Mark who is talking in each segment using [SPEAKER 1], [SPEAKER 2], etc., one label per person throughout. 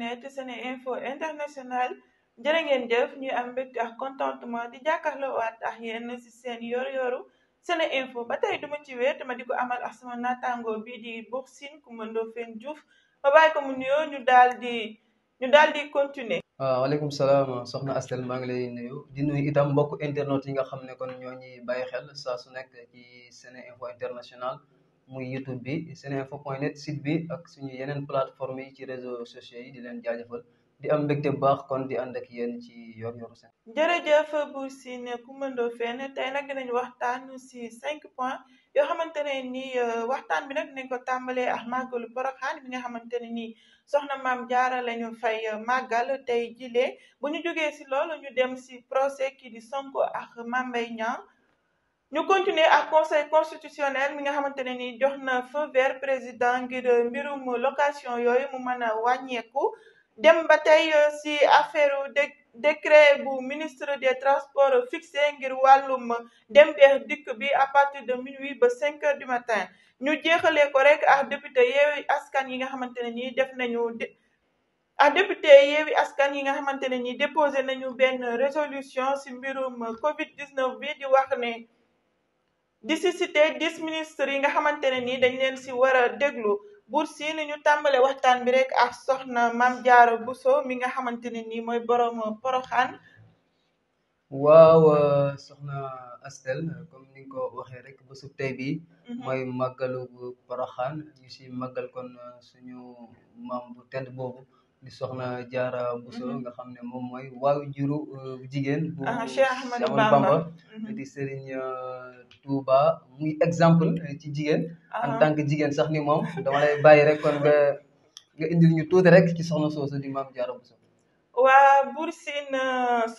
[SPEAKER 1] internet sene info international jërë ngeen jëf ñuy am mbégte ak contentement di jàkkaarloo waat ak yéen si seen yoru yoru sene info ba tey duma ci wéet ma di ko amal ak sama naataango bi di Buur Sine Coumba Ndoffène Diouf ma bàyyi ko mu nuyoo ñu daal di ñu daal di continuer
[SPEAKER 2] waaw ah, waaleykum salaam soxna Astel maa ngi lay nuyu di nuyu itam mbokk internet yi nga xam ne kon ñoo ñuy bàyyi xel saa su nekk ci sene info international muy yitu bi seneinfo point net site bi ak suñu yeneen plateforme ci réseau sociaux yi di leen jaajëfal di am mbégte bu baax kon di and ak yéen ci yor yoru seen
[SPEAKER 1] jërëjëf Boury Sine Coumba Ndoffène tey nag dinañ waxtaan si cinq point yoo xamante ne nii euh, waxtaan bi nag dinañ ko tàmbalee ak màggalu Poroxaan bi nga xamante ne nii soxna maam jaara lañu fay màggal tey jilee bu ñu jógee si loolu ñu dem si procès kii di Sonko ak Mame Mbaye ñu continuer ak conseil constitutionnel minga xamante ne ni jox na feu vert président ngir euh, mbirum location yooyu mu mën a wàññeeku dem ba tey euh, si affaire décret bu ministre des transports fixé ngir wàllum dem beex dikk bi à partir de minuit ba cinq heures du matin ñu jeexalee ko rek ak député Yewwi Askan yi nga xamante ne nii def nañu ah député Yewwi Askan yi nga xamante ne nii déposé nañu benn résolution si mbirum Covid 19 bi di wax ne. di si cité dix yi nga xamante ne nii dañ leen si war a déglu buur si ni ñu tàmbale waxtaan bi rek ak soxna Maam Jaara Buso mi nga xamante ne nii mooy borom Poroxaan
[SPEAKER 2] waaw euh, soxna Astel comme ni nga ko waxee rek bésub tey bi mhm. mooy màggalu Poroxaan ñu si màggal kon euh, suñu maam bu tedd boobu di soxna jaara Bousso mm-hmm. nga xam ne moom mooy waaw juru euh, jigéen bu ah, Cheikh Ahmadou Bamba mm-hmm. di Serigne euh, Touba muy exemple euh, ci jigéen en ah. tant que jigéen sax ni moom dama lay bàyyi rek kon nga indi indil tuuti rek ci soxna soosu di maam jaara Bousso
[SPEAKER 1] waa Bour Sine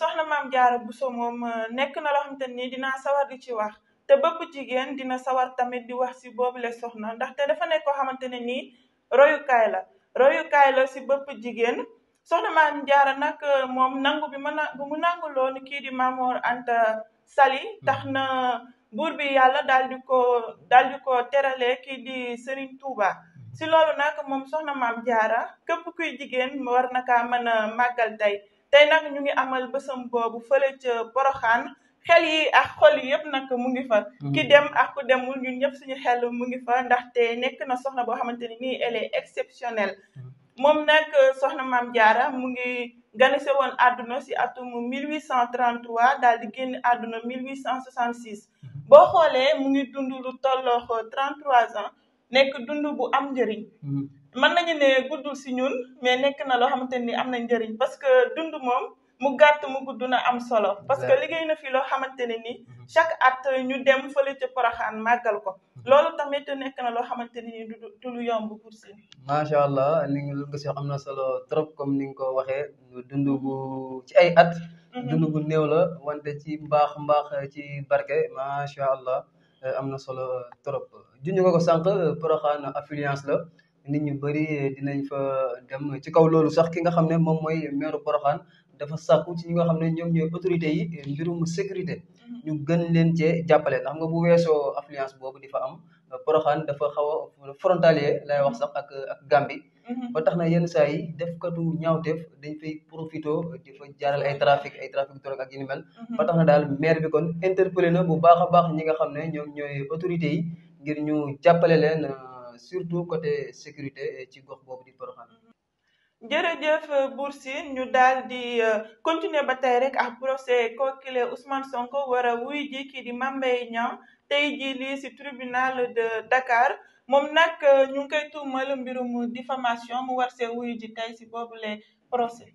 [SPEAKER 1] soxna maam jaara Bousso moom nekk na loo xamante ni dinaa sawar di ci wax te bëpp jigéen dina sawar tamit di wax si boobu le soxna ndaxte dafa nekk koo xamante ne nii royukaay la royukaay la si bëpp jigéen soxna maam jaara nag euh, moom nangu bi mën bu mu nangu loon kii di Mamor Anta Sali tax hmm. na bi yàlla daal di ko daal di ko terale kii di Serigne Touba si hmm. loolu nag mom soxna maam jaara képp kuy jigéen war na kaa mën a màggal tey tey nag ñu ngi amal bésam boobu fële ca Poroxaan xel yi ak xol yi yëpp nag mu ngi fa mm-hmm. ki dem ak ku demul ñun ñëpp suñu xel mu ngi fa ndaxte nekk na soxna boo xamante ni nii elle est exceptionnelle mm-hmm. moom nag euh, soxna maam jaara mu ngi ganese woon àdduna si atum 1833 daal di génn àdduna 1866 mm-hmm. boo xoolee mu ngi dund lu tolloox 33 ans nekk dund bu am njëriñ mën nañu ne guddul si ñun mais nekk na loo xamante ni am na njëriñ parce que dund moom mu gàtt mu gudd na am solo parce que liggéey na fi loo xamante ne nii mm-hmm. chaque att ñu dem fële ca Poroxaan màggal ko mm-hmm. loolu tamit nekk na loo xamante ne nii du lu yomb pour si
[SPEAKER 2] macha allah ni ngi lu nga si am na solo trop comme ni nga ko waxee dundu bu ci ay at mm-hmm. dund bu néew la wante ci mbaax mbaax ci barke macha allah euh, am na solo trop junj ko ko sànq Poroxaan affluence la nit ñu bëri dinañ fa dem ci kaw loolu sax ki nga xam ne moom mooy meeru Poroxaan dafa sàkku ci ñi nga xam ne ñoom ñooy autorité yi mbirum sécurité ñu gën leen cee jàppale ndax nga bu weesoo affluence boobu di fa am Porokhane dafa xaw a frontalier lay wax sax ak ak Gambie mhm. ba tax na yenn saa yi defkatu ñaawteef dañ fay profito di fa jaaral ay trafic ay trafic drogue ak yu ni mel mhm. tax na daal maire bi kon interpellé na bu baax a baax ñi nga xam ne ñoom ñooy autorité yi ngir ñu jàppale leen euh, surtout côté sécurité ci gox boobu di Porokhane mhm.
[SPEAKER 1] jërëjëf euh, Bour ñu daal di euh, continuer ba tey rek ak procès kookile Ousmane Sonko war a wuy ji kii di Mame Mbaye Niang tey jii lii si tribunal de Dakar moom nag euh, ñu ngi koy tuumal mbirum diffamation mu war se wuy ji tey si boobule procès.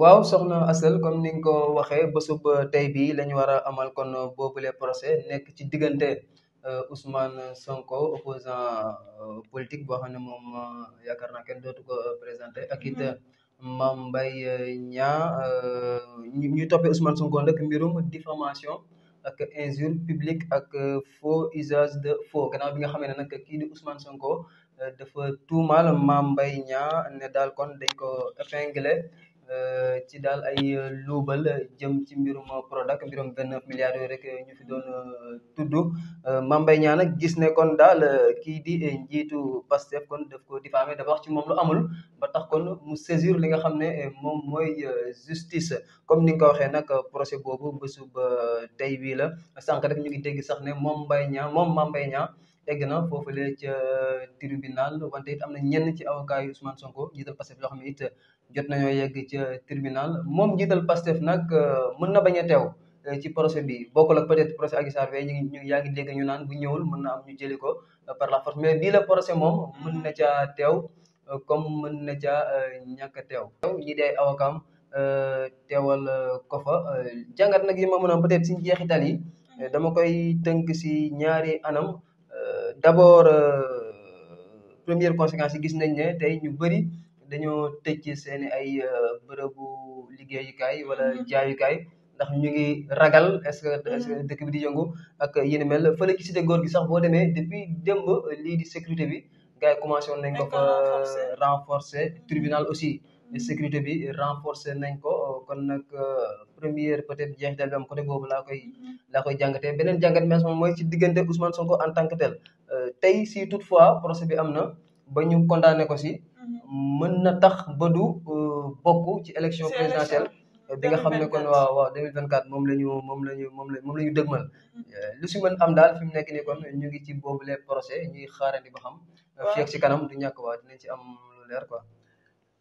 [SPEAKER 2] waaw soxna Asel comme ni nga ko waxee bésub tey bii lañu ñu war a amal kon boobule procès nekk ci diggante. Euh, Ousmane Sonko opposant euh, politique boo xam ne moom euh, yaakaar naa kenn dootu ko présenté ak it mm-hmm. Mame Mbaye Niang ñu toppee Ousmane Sonko nag mbirum diffamation ak injure publique ak faux usage de faux gannaaw bi nga xamee ne nag kii Sonko dafa tuumaal Mame Mbaye Niang ne daal kon dañ ko épinglé Euh, ci daal ay euh, luubal jëm ci mbirum Prodac mbirum vingt neuf milliards yooyu rek ñu fi doon euh, tudd Mame Mbaye Niang nag gis ne kon daal kii di njiitu Pastef kon def ko diffamé dafa wax ci moom lu amul ba tax kon mu saisir li nga xam ne moom mooy justice comme ni nga ko waxee nag procès boobu bésu ba tey bii la sànq rek ñu ngi dégg sax ne moom Mbaye Niang moom Mame Mbaye Niang egg ca tribunal wante it am na ñenn ci avocat yi Sonko jiital Pastef yoo xam ne jot nañoo yegg ca tribunal moom jiital Pastef nag euh, mën na bañ a teew euh, ci procès bi bokk ak peut-être procès Adji Sarr ñu ngi yaa ngi dégg ñu naan bu ñëwul mën na am ñu jëli ko euh, par la force mais bii la moom mën na caa teew comme mën na caa ñàkk a teew. ñii day awakam teewal ko fa jàngat nag yi ma mën a peut-être si jeexital yi dama koy tënk si ñaari anam d'abord première conséquence yi gis nañ ne tey ñu bëri. dañoo tëj seen ay euh, bërëbu liggéeyukaay wala mhm. jaayukaay ndax ñu ngi ragal est-ce que mhm. est bi di yëngu ak yéen mel fële ci cité góor gi sax boo demee depuis démb li di sécurité bi gars yi commencé woon nañ ko fa renforcer mhm. tribunal aussi sécurité bi renforcé nañ ko kon nag euh, première peut-être jeexital bi am côté boobu laa koy laa koy jàngatee beneen jàngat mees moom mooy ci diggante Ousmane Sonko en tant que tel euh, tey si toutefois procès bi am na ba ñu condamné ko si mën na tax ba du euh, bokk ci élection présidentielle bi nga xam ne kon waaw waaw 2024 moom la ñu moom la ñu moom la moom la ñu dëgmal mm-hmm. lu si mën am daal fi mu nekk nii kon ñu ngi ci boobu
[SPEAKER 1] les procès ñuy xaarandi ba xam. waaw fii ak si kanam du
[SPEAKER 2] ñàkk waa dinañ ci am lu leer quoi.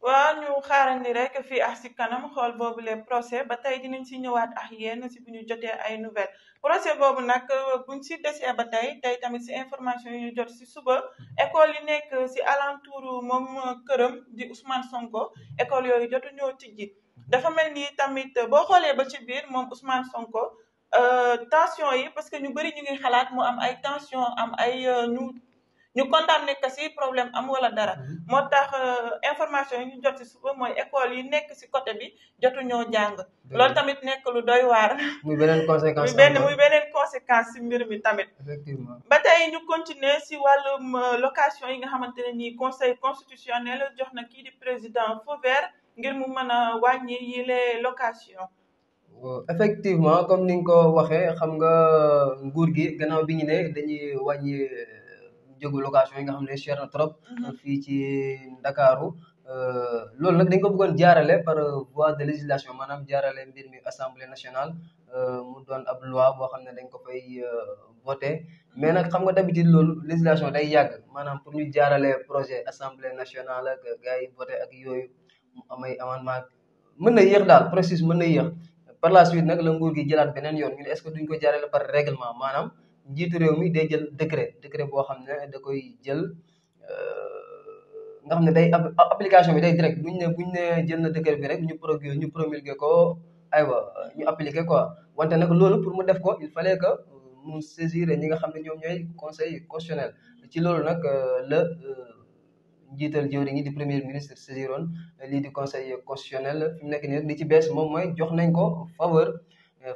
[SPEAKER 1] waaw ñu xaarandi rek fii ak si kanam xool boobu le procès ba tey dinañ si ñëwaat ak yéen si bu ñu jotee ay nouvelles procès boobu nag buñ si desee ba tey tey tamit si information yi ñu jot si suba école yi nekk si alentour moom këram di Ousmane Sonko école yooyu jotu ñoo tijji dafa mel ni tamit boo xoolee ba ci biir moom Ousmane Sonko euh, tension yi parce que ñu bëri ñu ngi xalaat mu am ay tension am ay euh, ñu ñu condamné que si problème am wala dara mm-hmm. moo tax euh, information yi ñu jot si suba mooy école yi nekk si côté bi jotuñoo jàng loolu tamit nekk lu doy waar
[SPEAKER 2] muy beneen conséquence muy benn
[SPEAKER 1] beneen conséquence si mbir mi tamit ba tey ñu continuer si wàllum euh, location yi nga xamante ne nii conseil constitutionnel jox na kii di président feu vert ngir mu mën a wàññi yi les location
[SPEAKER 2] effectivement comme ni nga ko waxee xam nga euh, nguur gi gannaaw bi ñu ne dañuy wàññi jógu location nga xam ne na trop mhm. fii ci euh, Ndakaaru euh, loolu nag dañ ko bëggoon jaarale par euh, voie de législation maanaam jaarale mbir mi assemblée nationale mu doon ab loi boo xam ne dañ ko fay voté mais nag xam nga d'habitude loolu législation day yàgg maanaam pour ñu jaarale projet assemblée nationale ak gars yi voté ak yooyu mu amay amendement mën na yéex daal processus mën na yéex par la suite nag la nguur gi jëlaat beneen yoon ñu ne est-ce que duñ par règlement maanaam njiitu réew mi de jël décret décret boo xam ne da koy jël euh, nga xam ne day application bi day direct buñ ne buñ ne jël na décret bi rek ñu promulgué ñu promulgué ko aywa ñu appliqué quoi wante nag loolu pour mu def ko il fallait que euh, mu saisir ñi nga xam ne ñoom ñooy conseil constitutionnel ci loolu nag euh, la njiital jëwriñ yi di premier ministre saisiroon lii di conseil constitutionnel fi mu nekk nii nag ci bees moom mooy jox nañ ko faveur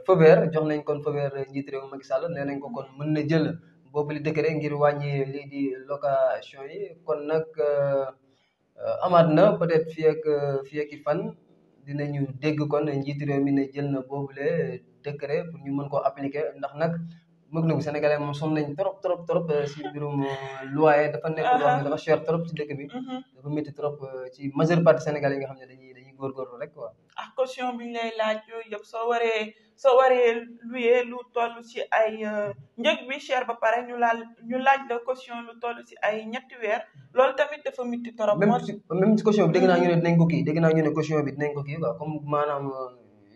[SPEAKER 2] feu vert jox nañ kon feu vert njiit réew Macky Sall nee nañ ko kon mën na jël boobu li décret ngir wàññi lii di location yi kon nag euh, amaat na peut-être fii ak euh, fii ak i fan dinañu dégg kon njiit réew mi ne jël na boobule décret pour ñu mën ko appliquer ndax nag mëg na ko sénégalais moom sonn nañ trop trop trop euh, si mbirum loyer dafa nekk loo dafa cher trop ci dëkk bi mhm. dafa métti trop ci majeure partie sénégalais yi nga xam ne dañuy góorgóorlu rek quoi.
[SPEAKER 1] a caution bi ñu lay laaj yooyu yëpp soo waree soo waree luyee lu toll ci ay njëg eh, bi cher ba pare ñu laal ñu laaj la caution lu toll ci ay ñetti weer loolu tamit dafa métti torop. moo ci même ci caution bi dégg na ñu ne
[SPEAKER 2] dinañ ko kii dégg naa ñu ne caution bi dinañ ko kii quoi comme maanaam. Euh,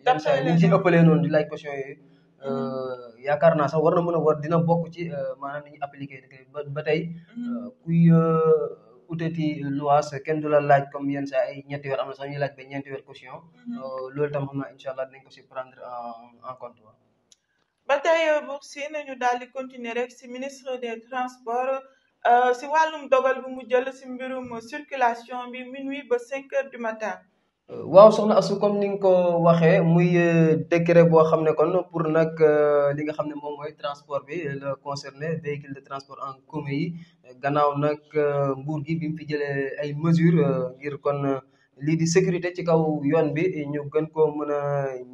[SPEAKER 2] yenn saa yi ñu ci ëppalee noonu di laaj caution yooyu. Mm-hmm. Euh, yaakaar naa sax war na mën a war dina bokk ci euh, maanaam ni ñu appliqué ba tey mm-hmm. kuy. utati luwaas kenn du la laaj comme yenn saa ay ñetti weer am na sax laaj ba ñeenti weer caution mhm. euh, loolu tam xam naa incha allah dinañ en
[SPEAKER 1] compte wa ba tey euh, Bour Sine ñu daal di continuer rek si ministre des transports si euh, wàllum dogal bu mu jël si mbirum circulation bi minuit ba cinq heures du matin
[SPEAKER 2] waaw soxna asu comme ni nga ko waxee muy euh, décret boo xam ne kon pour nag euh, li nga xam ne moom mooy transport bi la concerné véhicule de transport en commun yi gannaaw nag euh, nguur gi bi mu ay mesure ngir kon lii di sécurité ci kaw yoon bi ñu gën koo mën a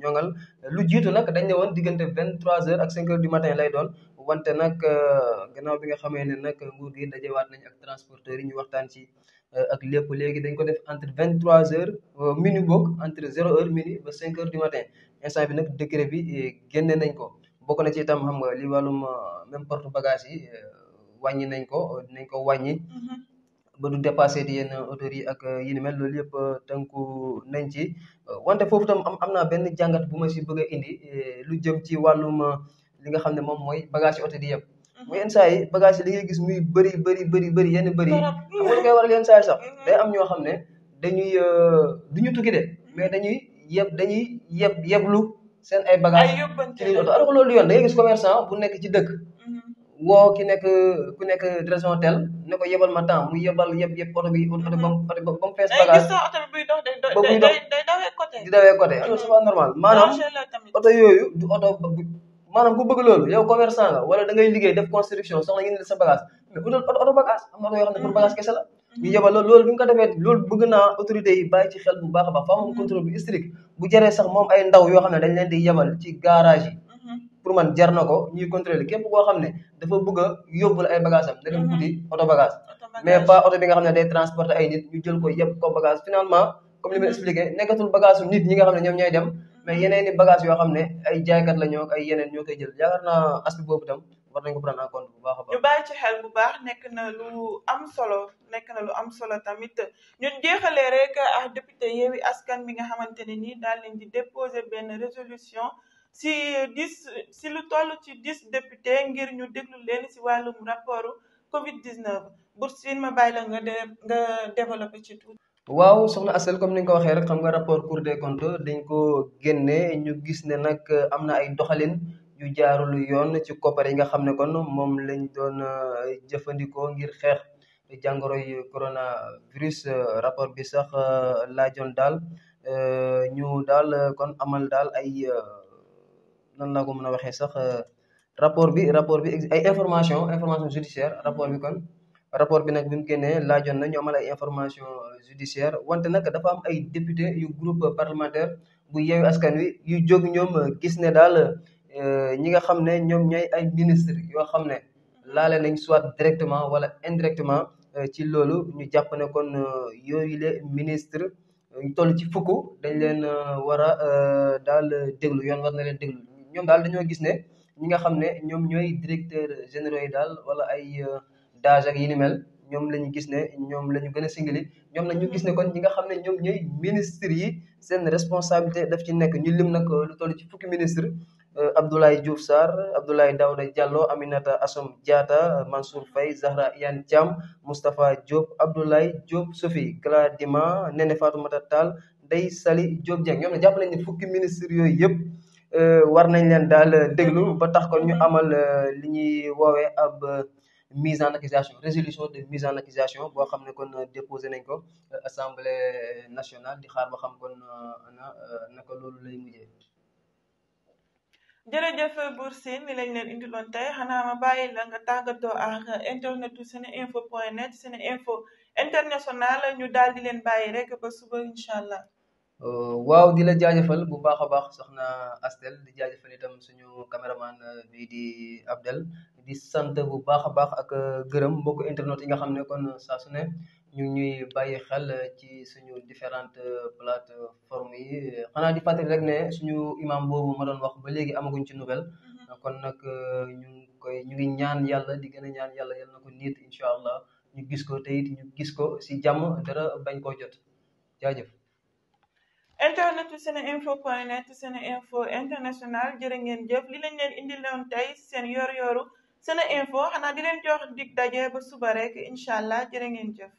[SPEAKER 2] ñoŋal lu jiitu nag dañ ne woon diggante vingt trois heures ak cinq heures du matin lay dool wante nag euh, gannaaw bi nga xamee ne nag nguur gi dajewaat nañ ak transporteurs yi ñu waxtaan ci euh, ak lépp léegi dañ ko def entre vingt trois heures euh, minuit boog entre zéro heure minuit ba cinq heures du matin instant bi nag décret bi génne nañ ko bokk na ci itam xam nga li wàllum même porte bagage yi wàññi nañ ko dinañ ko wàññi mm-hmm. ba du dépassé di yenn auteurs yi ak euh, yi ni mel loolu yëpp tënku euh, nañ ci euh, wante foofu tam am am naa benn jàngat bu ma si bëgg a indi lu jëm ci wàllum li nga xam ne moom mooy bagage yi di yëpp mm-hmm. muy yenn saa yi bagage yi li ngay gis muy bëri bëri bëri bëri yénn bëri yi xam nga koy waral yenn saa yi sax mm-hmm. day am ñoo xam ne dañuy du ñu tukki de mais dañuy yeb dañuy yeb yeblu seen ay bagage ci liñ oto alors que loolu yoon da ngay commerçant bu nekk ci dëkk woo ki nekk ku nekk région tel ne ko yebal ma temps mu yebal yëpp yëpp oto bi oto bi ba mu ba mu fees bagage ba muy dox di dawee côté alors c'est pas normal maanaam oto yooyu oto maanaam ku bëgg loolu yow commerçant nga wala da ngay liggéey def construction soxla ñu ne sa bagage mais utal oto bagage oto yoo ne pour bagage kese la mm-hmm. ñu yebal loolu loolu bi ko defee loolu bëgg naa autorités yi bàyyi ci xel bu baax a baax faa moom mm-hmm. contrôle strict bu jëree sax moom ay ndaw yoo xam ne dañ leen di yebal ci garage yi pour man jar na ko ñuy contrôler képp ne dafa bëgg a ay mhm. bagage am da auto bagage mais pas auto bi nga xam ne day transporter ay mhm. nit ñi nga xam ne ñoom ñooy dem mais mhm. yeneen i bagage yoo xam ne ay jaaykat la ñoo ak yeneen ñoo koy jël yaakaar naa aspect boobu tam war nañ ko prendre en compte bu baax a baax.
[SPEAKER 1] ñu bàyyi ci tamit ñun jeexalee rek ah député Yewwi Askan bi nga xamante ne daal leen di déposer résolution si dix si lu toll ci dix député ngir ñu déglu leen si wàllum rapportu Covid 19 Bour Sine ma bàyyi la nga de développé ci tuuti. waaw soxna
[SPEAKER 2] Asel comme ni nga ko waxee rek xam nga rapport Cour des comptes dañ ko génne ñu gis ne nag am na ay doxalin. yu jaarul yoon ci koppar yi nga xam ne kon moom lañ doon euh, jëfandikoo ngir xeex jàngoro yu coronavirus rapport bi sax euh, laajoon daal euh, ñu daal kon amal daal ay nan laa ko mën a waxee sax euh, rapport bi rapport bi ay information information judiciaire rapport bi kon rapport bi nag bi mu génnee laajoon na ay information euh, judiciaire wante nag dafa am ay député yu groupe parlementaire bu yeewu askan wi yu jóg ñoom euh, gis ne daal ñi nga xam ne ñoom ñooy ay ministre yoo xam ne laale nañ soit directement wala indirectement ci loolu ñu jàpp ne kon yooyu le ministre ñu toll ci fukk dañ leen war a daal déglu yoon war na leen ñoom daal dañoo gis ne ñi nga xam ne ñoom ñooy directeur généraux yi daal wala ay euh, daaj yi ni mel ñoom lañu gis ne ñoom la ñu gën a singali ñoom nag ñu gis ne kon ñi nga xam ne ñoom ñooy ministre yi seen responsabilité daf ci nekk ñu lim nag lu toll ci fukki ministre euh, Abdoulaye Diouf Sarr Abdoulaye Daouda Diallo Aminata Assome Diatta Mansour Faye Zahra Iyane Thiam Moustapha Diop Abdoulaye Diop Sophie Gladima Néné Fatoumata Tall day Sali Diop Dieng ñoom na jàpp nañ ne fukki ministre yooyu yëpp Euh, war nañ leen daal déglu ba tax kon ñu amal euh, li ñuy woowee ab euh, mise en accusation résolution de mise en accusation boo xam ne kon déposé nañ ko assemblée nationale di xaar ba xam kon na naka loolu lay mujjee.
[SPEAKER 1] jërëjëf Bour Sine ni lañ leen indiloon tey xanaa ma bàyyi la nga tàggatoo ak internetu seneinfo point net seneinfo international ñu daal di leen bàyyi rek ba suba incha allah.
[SPEAKER 2] Euh, waaw di la jaajëfal bu baax a baax soxna Astel di jaajëfal itam suñu caméraman euh, bii di Abdel di sant bu baax a baax ak euh, gërëm mbokku internet yi nga xam ne kon saa su ne ñu ñuy bàyyi xel ci suñu différentes plateformes yi xanaa di fàttali rek ne suñu imam boobu ma wax ba léegi amaguñ ci nouvelle mm-hmm. kon nag ñu ngi koy ñu ngi ñaan yàlla di gën a ñaan yàlla yal na ko niit incha allah ñu gis ko te it ñu gis ko si jàmm dara bañ koo jot jaajëf.
[SPEAKER 1] internet u info point net sene info international jërë ngeen jëf li lañ leen indi loon tey seen yor yoru sene info xanaa di leen jox dig daje ba suba rek incha allah jërë ngeen jëf